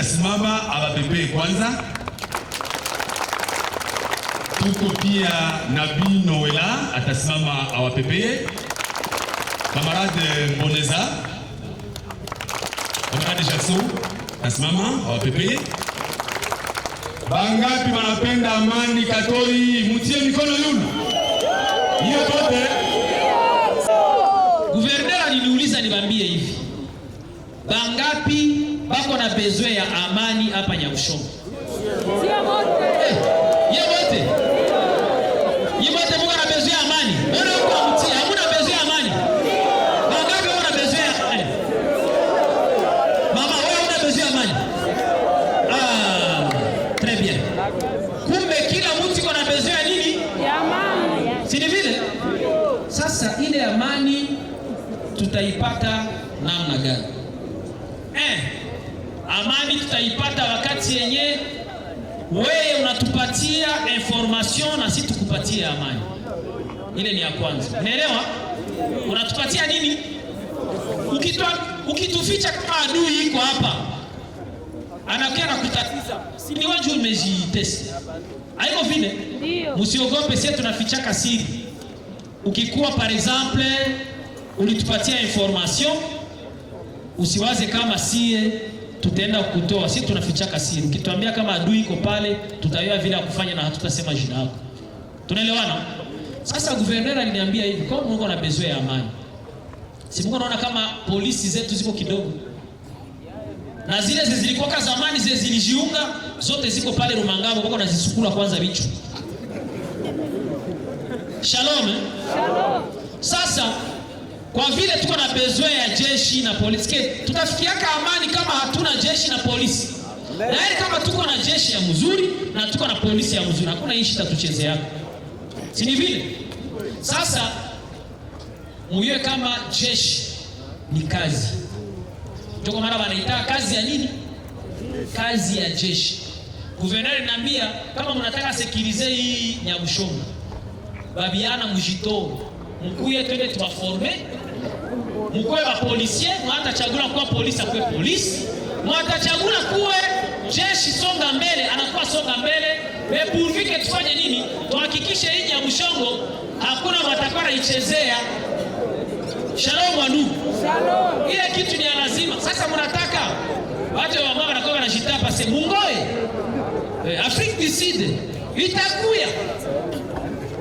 atasimama awapepee kwanza. Tuko pia Nabii Noela atasimama awapepee. Kamarade Mboneza, kamarade Jackson atasimama awapepee. Bangapi wanapenda amani Katoi? Mutie mikono yunu. Hiyo pote. Guvernera aliniuliza nibambie hivi. Bangapi pako na bezwe ya amani hapa Nyarushongo. kwanza. Unaelewa? Unatupatia nini? Ukitwa ukituficha kama adui iko hapa. Anakuja na kutatiza. Si ni wewe umejitesa. Haiko vile? Ndio. Msiogope sisi tunafichaka siri. Ukikuwa par exemple ulitupatia information usiwaze kama sie tutaenda kutoa, si tunafichaka siri. Ukituambia kama adui iko pale, tutayua vile ya kufanya na hatutasema jina lako. Tunaelewana? Sasa guvernor aliniambia hivi, kwa Mungu na bezo ya amani. Si Mungu anaona kama polisi zetu ziko kidogo. Na zile zilikuwa zamani zile zilijiunga zote ziko pale Rumangabo kwa nazisukula kwanza vichwa. Shalom. Shalom. Eh? Sasa kwa vile tuko na bezo ya jeshi na polisi, tutafikiaka amani kama hatuna jeshi na polisi. Na kama tuko na jeshi ya mzuri na tuko na polisi ya mzuri, hakuna nchi hapo si ni vile? Sasa muiwe kama jeshi ni kazi, ndio maana wanaita kazi ya nini? Kazi ya jeshi. Guverneri naambia kama mnataka sekirize hii Nyabushonga, babiana mujitoe, mkuye twende tuwaforme, mkuwe wa mwatachagula kuwa polisi akuwe polisi, mwatachagula kuwe jeshi, songa mbele, anakuwa songa mbele Epurufike tufanye nini? Tuhakikishe hii Nyamushongo hakuna watakaoichezea. Shalom wandugu, ile kitu ni lazima. Sasa mnataka watu ambao wanakuwa wanashitapa se mungoe eh, Afrique du Sud itakuya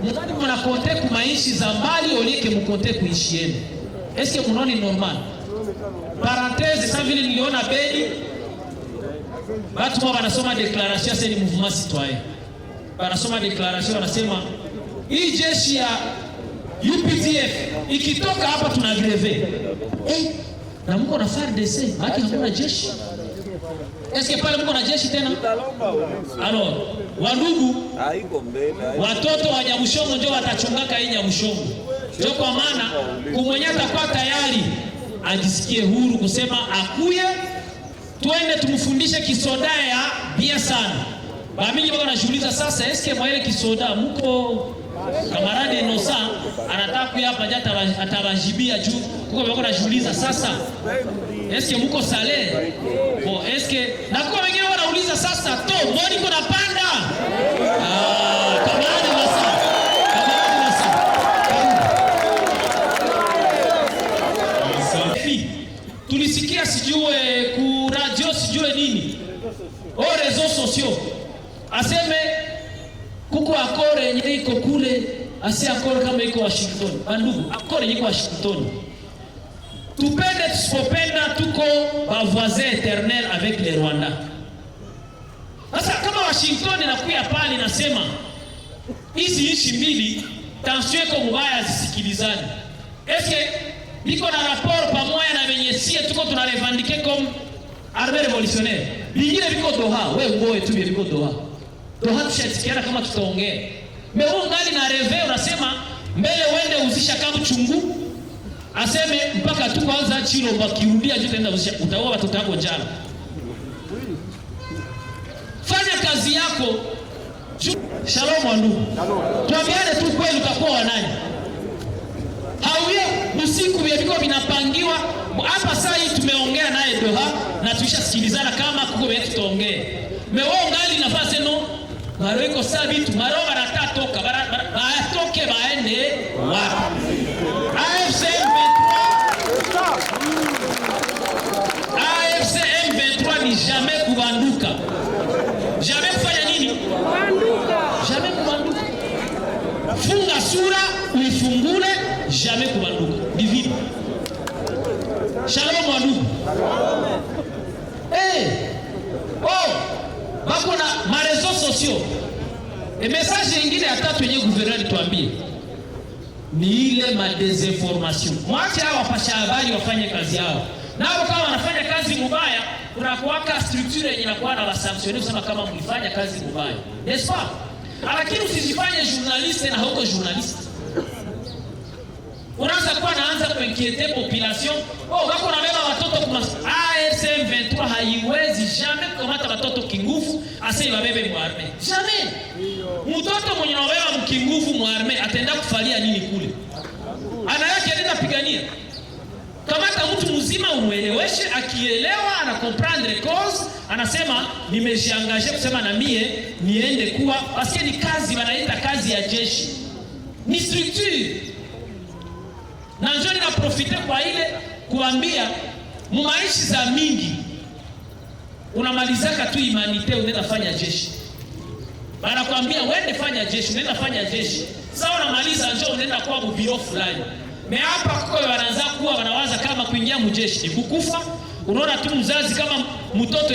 mukani munakonte kumaishi za mbali olieke mkonte kuishi yenu, eske munoni normal. Parenthese, sa vile niliona Beni batu mwa banasoma declaration seni mouvement citoyen wanasoma declaration, wanasema hii jeshi ya UPDF ikitoka hapa tuna greve hey, eh, na mko na FARDC haki, hakuna jeshi eske pale mko na jeshi tena? alo wandugu, watoto wa Nyamushongo ndio watachungaka hii Nyamushongo, ndio kwa maana kumwenyata kwa tayari ajisikie huru kusema akuye, twende tumfundishe kisodaya bia sana Baminyi bako anashughuliza sasa eske mwaele kisoda muko kamarade Nosa anataka kuyapa jata atabajibia juu kuko bako anashughuliza sasa eske muko sale ko eske na kuko wengine wanauliza sasa to mbona niko napanda ah aseme kuko akore yenye iko kule, asi akore kama iko Washington. Bandugu, akore yenye iko Washington, tupende tusipopenda, tuko bavoisin eternel avec le Rwanda. Sasa kama Washington nakuya pale nasema hizi nchi mbili tension iko mubaya, zisikilizane. Eske biko na rapport pamoja na venye sie tuko tunarevandike comme armée revolutionnaire, bingine biko Doha, we ngoe tu biko Doha ndio hatushasikiana kama tutaongea. meo ngali na reve unasema mbele uende uzisha kama chungu aseme mpaka tu kwanza chilo bakirudia juu tenda uzisha utaua watoto wako njala. Fanya kazi yako. Shalom wandugu. Tuambiane tu kweli utakuwa wanani? Hauye usiku vilikuwa vinapangiwa hapa saa hii tumeongea naye Doha na tuishasikilizana kama kuko tutaongea. Mewe ngali nafasi no bariko sabit maro barata toka bara ba toke baende wa E, mesaje ingine ya tatu yenye guverneur alituambia ni ile madesinformation. Mwache hao wapasha habari wafanye kazi yao, nao kama wanafanya kazi mubaya, kunakuwaka structure yenye inakuwa na wasanktione kusema kama mlifanya kazi mubaya, nespa. Lakini usijifanye journaliste na huko journaliste, unaanza kuwa naanza kuinkiete population oh, wako na mema watoto kuma ah AFC M23 haiwezi jamais kukamata watoto kinguvu asei wabebe muarme jamais. Mtoto mwenye naobeba mkinguvu muarme atenda kufalia nini kule anayake anaenda pigania? Kamata mtu mzima umweleweshe, akielewa ana comprendre cause, anasema nimejiangaje kusema na mie niende kuwa paske ni kazi wanaita kazi ya jeshi ni structure na njoni na profite kwa ile kuambia Mumaishi za mingi unamalizaka tu imanite, unaenda fanya jeshi, banakwambia wende fanya jeshi, unaenda fanya jeshi sasa unamaliza njo unaenda kuwa bubiro fulani. mehapa hapa kuko wanaanza kuwa wanawaza kama kuingia mjeshi ni kukufa. Unaona tu mzazi kama mtoto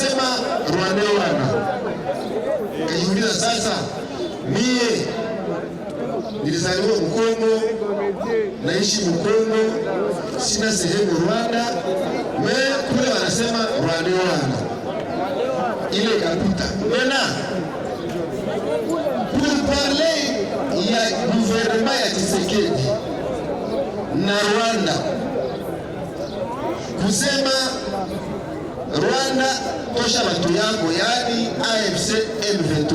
anasema Rwandewana. Kajiuliza sasa, mie nilizaliwa Mkongo, naishi Mkongo, sina sehemu Rwanda, me kule wanasema Rwandewana. Ile kapita mena parle ya guvernema ya Tshisekedi na Rwanda kusema Rwanda tosha watu yako, yani AFC M23.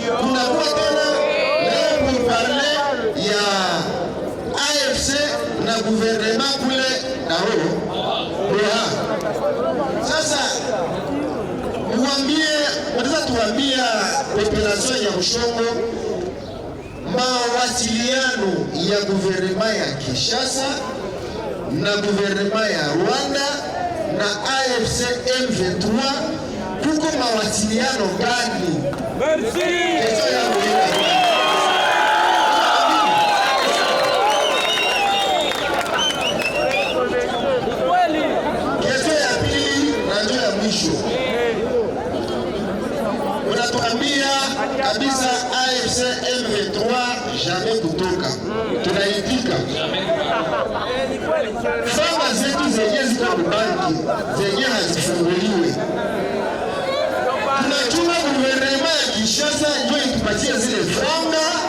Tunakuwa tena leo pour ya AFC na guvernema kule nao Doha. Sasa muambie, wanaweza tuambia population ya Ushongo mawasiliano ya guvernema ya Kinshasa na guvernema ya Rwanda na AFC M23 kuko mawasiliano gani? Kesho ya pili ya mwisho, unatuambia kabisa AFC M23 jamais kutoka, tunaitika fama zetu zenye ziko kubali haki zenyewe zifunguliwe. Tunatuma guvernema ya Kinshasa ndio itupatie zile franga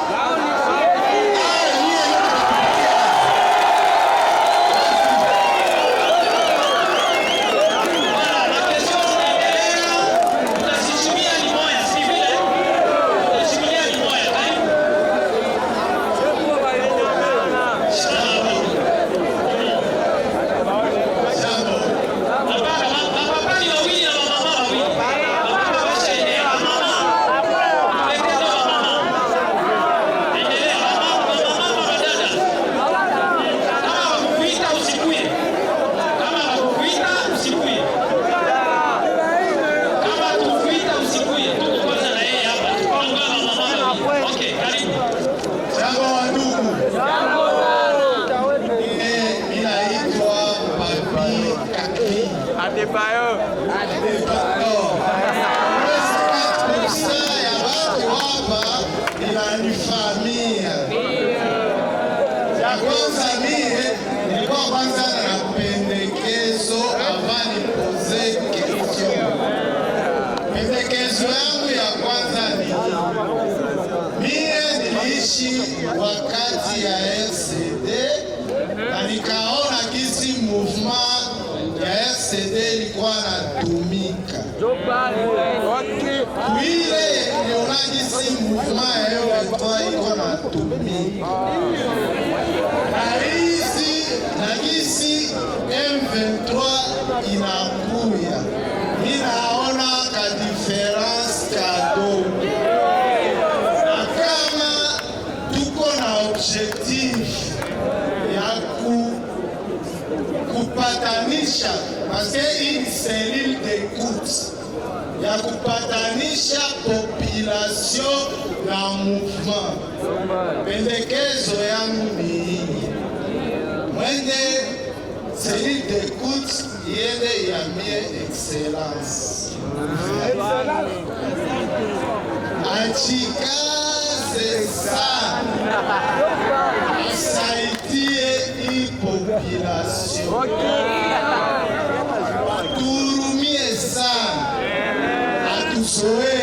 halisi na M23 inakuya, ninaona kadiferansi kadogo, na kama tuko na objectif ya kupatanisha paske ini selile dekute ya kupatanisha population na mouvement que e soy de Pendekezo yangu excelencia! E ¡A chicas es Kut iende iambie excellence, achikaze sana, saidie hii population, ¡A sana, atusoe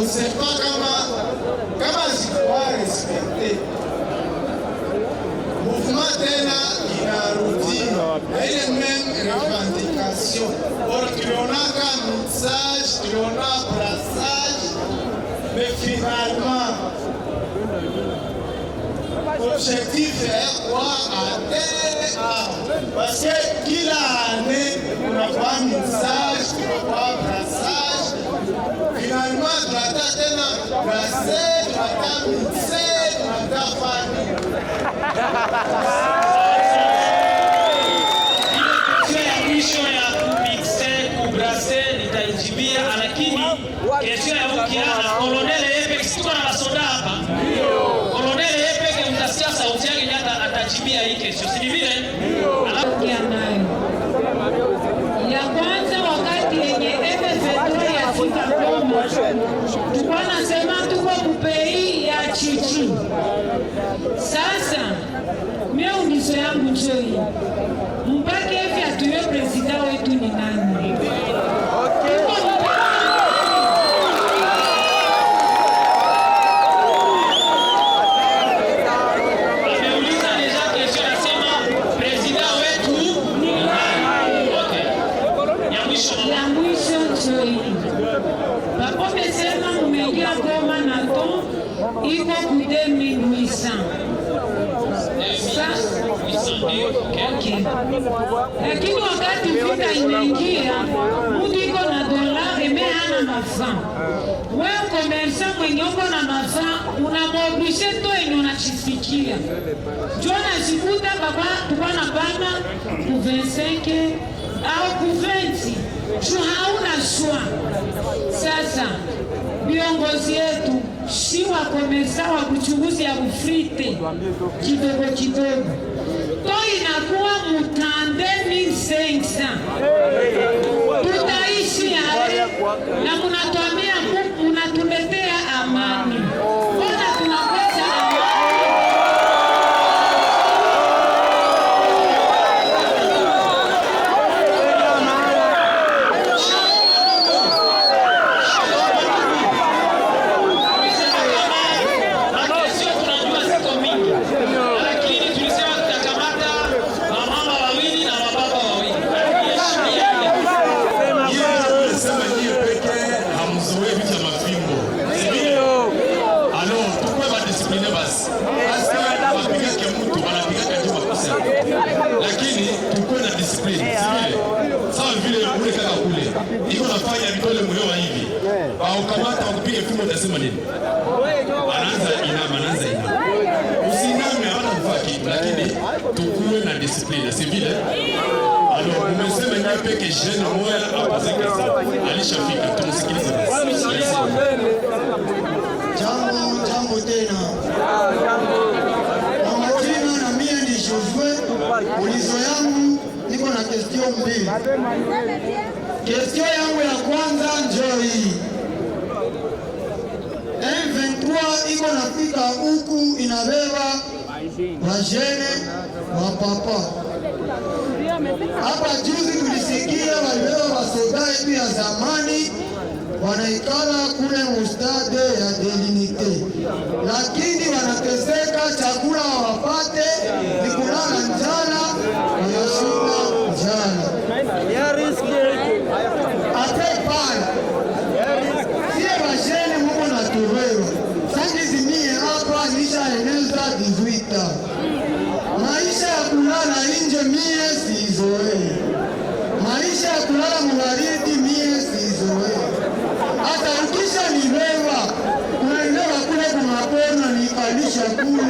on ne sait pas comment comment je respecter respecter. mouvement tena a a la même revendication. Or qu'on a un brassage mais finalement objectif est quoi terre parce que qui l'a année message, n'y a pas brassage finalement tunasema brase tunatase tunatafani ya mwisho ya kolonele mtasikia sauti yake atajibia hii kesho. lakini wakati vita inaingia, mtu iko na dola emeana mafa we komersa mwenye uko na mafa unamwoblishe to enye unachisikia jo, najikuta baba tuko na bana kuvenseke au kuvensi ju hauna shwa. Sasa viongozi yetu si wakomersa wa kuchuguzi ya ufrite kidogo kidogo toi mutandeni sensa, tutaishi hai na munatuambia munatuletea amani. Ulizo yangu niko na kestio mbili. Kestio yangu ya kwanza njo hii M23 iko nafika huku inabeba wajene wa papa. Hapa juzi tulisikia walibeba wasoda yetu ya zamani wanaikala kule mustade ya delinite, lakini wanateseka, chakula hawapate. mie sizoee. Maisha ya kulala mgharidi mie sizoee. Hata ukisha nilewa, unanilewa kule kunapona, nipandisha kule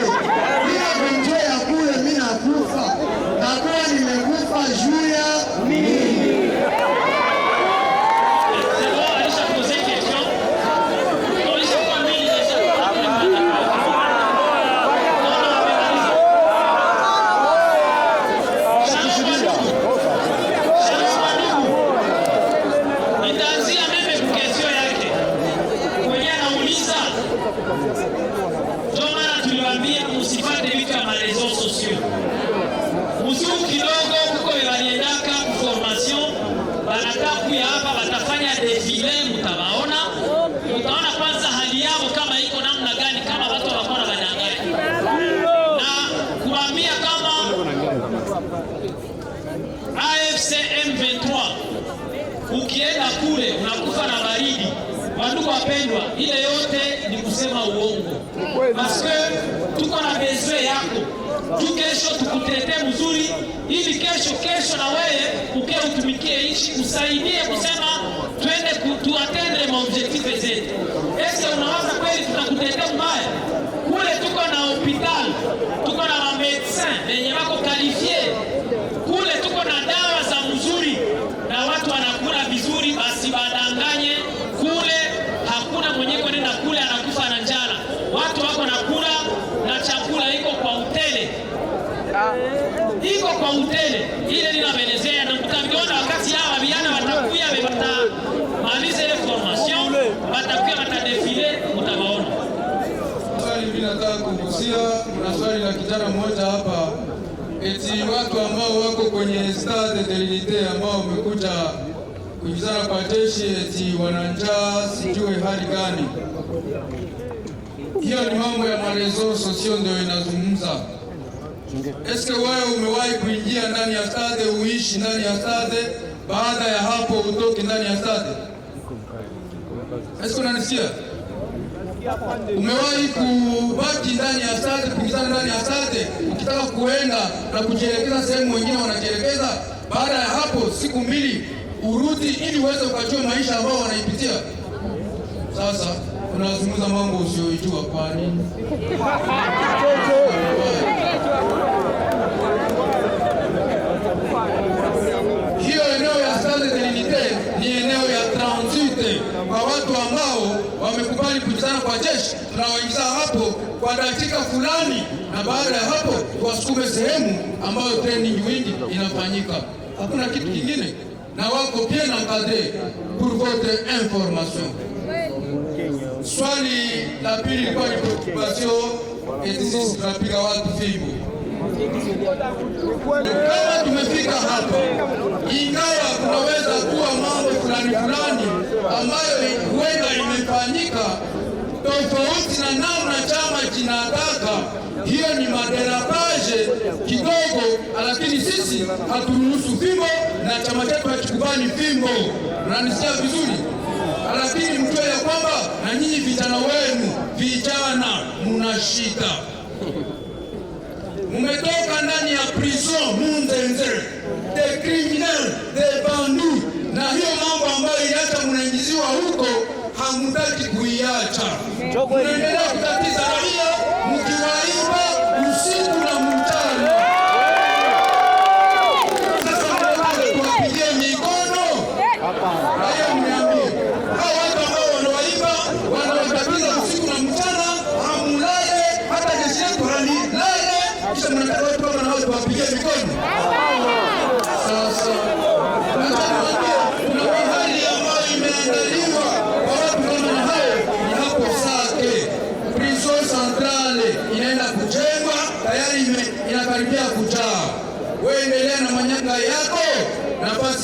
AFC M23 ukienda kule unakufa na baridi. Wandugu wapendwa, ile yote ni kusema uongo, paske tuko na bezwe yako tu, kesho tukutete mzuri, ili kesho kesho na wewe uke utumikie nchi, usaidie kusema twende tuatende maobjektife zetu. Ese unawaza kweli tutakutetea mbaya? Kule tuko na hopitali tuko na wamedisin venye wako kalifie mtele ile linabelezea na mtaviona wakati hawa vijana watakuya watamaliza ile formation, watakuya watadefile, mtawaona. Swali mimi nataka kugusia, kuna swali la kijana mmoja hapa eti watu ambao wako kwenye stade de l'unite ambao wamekuja kuivizana kwa jeshi eti wananjaa, sijue hali gani hiyo. Ni mambo ya marezo sosio ndio inazungumza Eske wewe umewahi kuingia ndani ya stade, uishi ndani ya stade, baada ya hapo utoke ndani ya stade? Eske unanisikia? Umewahi kubaki ndani ya stade, kupitana ndani ya stade, ukitaka kuenda na kujielekeza sehemu wengine wanajielekeza? Baada ya hapo siku mbili urudi, ili uweze ukajua maisha ambao wanaipitia sasa. Unazungumza mambo kwa kwani kwa jeshi, tunawaingiza hapo kwa dakika fulani, na baada ya hapo tuwasukume sehemu ambayo training wingi inafanyika. Hakuna kitu kingine, na wako na encadre pour votre information. Swali la pili ilikuwa ni preoccupation eti sisi tunapiga watu fimbo. Kama tumefika hapa, ingawa kunaweza kuwa mambo fulani fulani ambayo huenda imefanyika tofauti na namna chama kinataka. Hiyo ni maderapaje kidogo, lakini sisi haturuhusu fimbo na chama chetu hakikubali fimbo. Nanisikia vizuri, lakini mjue ya kwamba na nyinyi vijana wenu, vijana munashika, mumetoka ndani ya prison munzenze de criminel de bandu, na hiyo mambo ambayo iacha mnaingiziwa huko hamtaki kuiacha, mnaendelea kutatiza raia mkiwaiba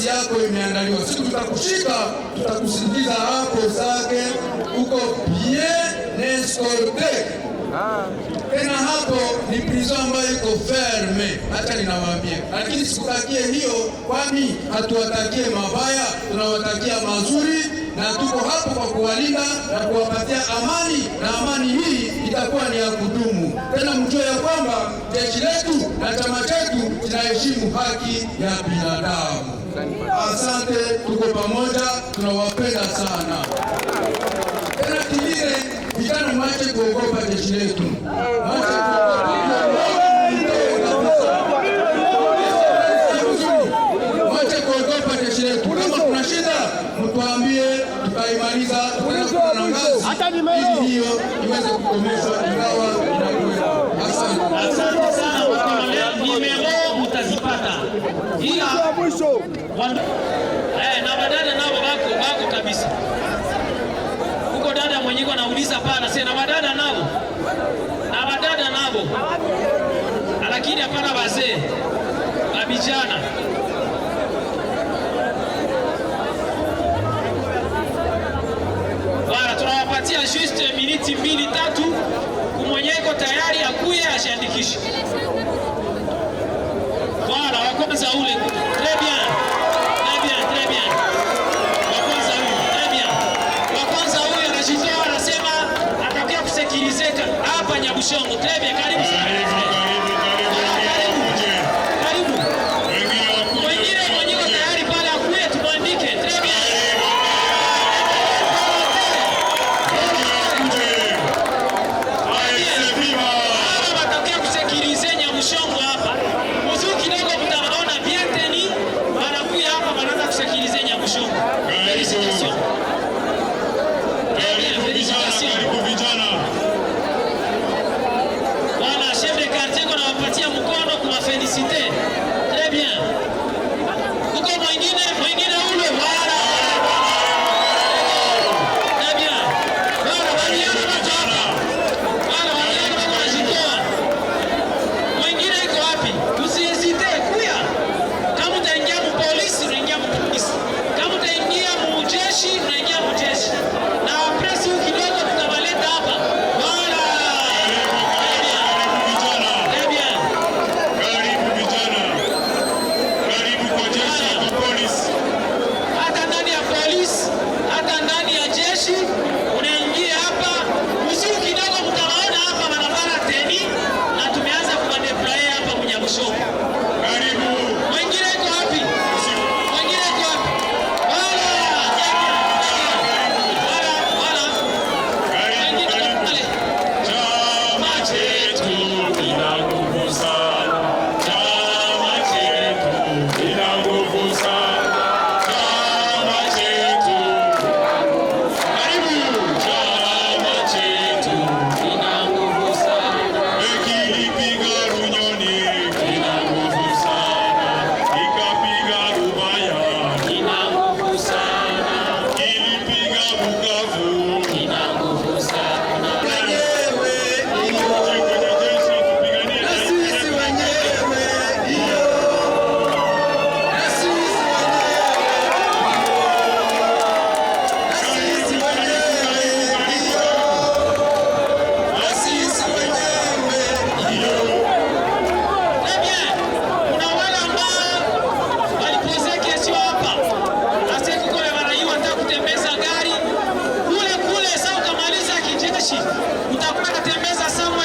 kazi yako imeandaliwa. siku tutakushika, tutakusindikiza hapo zake huko bien escorte. Tena hapo ni prison ambayo iko ferme, hata ninawaambia. Lakini sikutakie hiyo, kwani hatuwatakie mabaya, tunawatakia mazuri, na tuko hapo kwa kuwalinda na kuwapatia amani, na amani hii itakuwa ni ya kudumu. Tena mjue ya kwamba jeshi letu na chama chetu kinaheshimu haki ya binadamu. Asante, tuko pamoja, tunawapenda sana. Tena kingine, vijana mwache kuogopa jeshi letu. Mwache kuogopa jeshi letu. Kama kuna shida, mtuambie tutaimaliza, tutaenda na ngazi hiyo iweze kukomeshwa ingawa inakuwa. Asante. Asante sana. Nimeo utazipata. Ila Eh, na madada nao wako wako kabisa huko. Dada mwenyeko anauliza pana si na madada nao na madada nao, lakini hapana wazee wabijana bana, tunawapatia just miniti mbili tatu, kumwenyeko tayari akuye ashandikishe bana, wa ule Karibu Shango, Plebe, karibu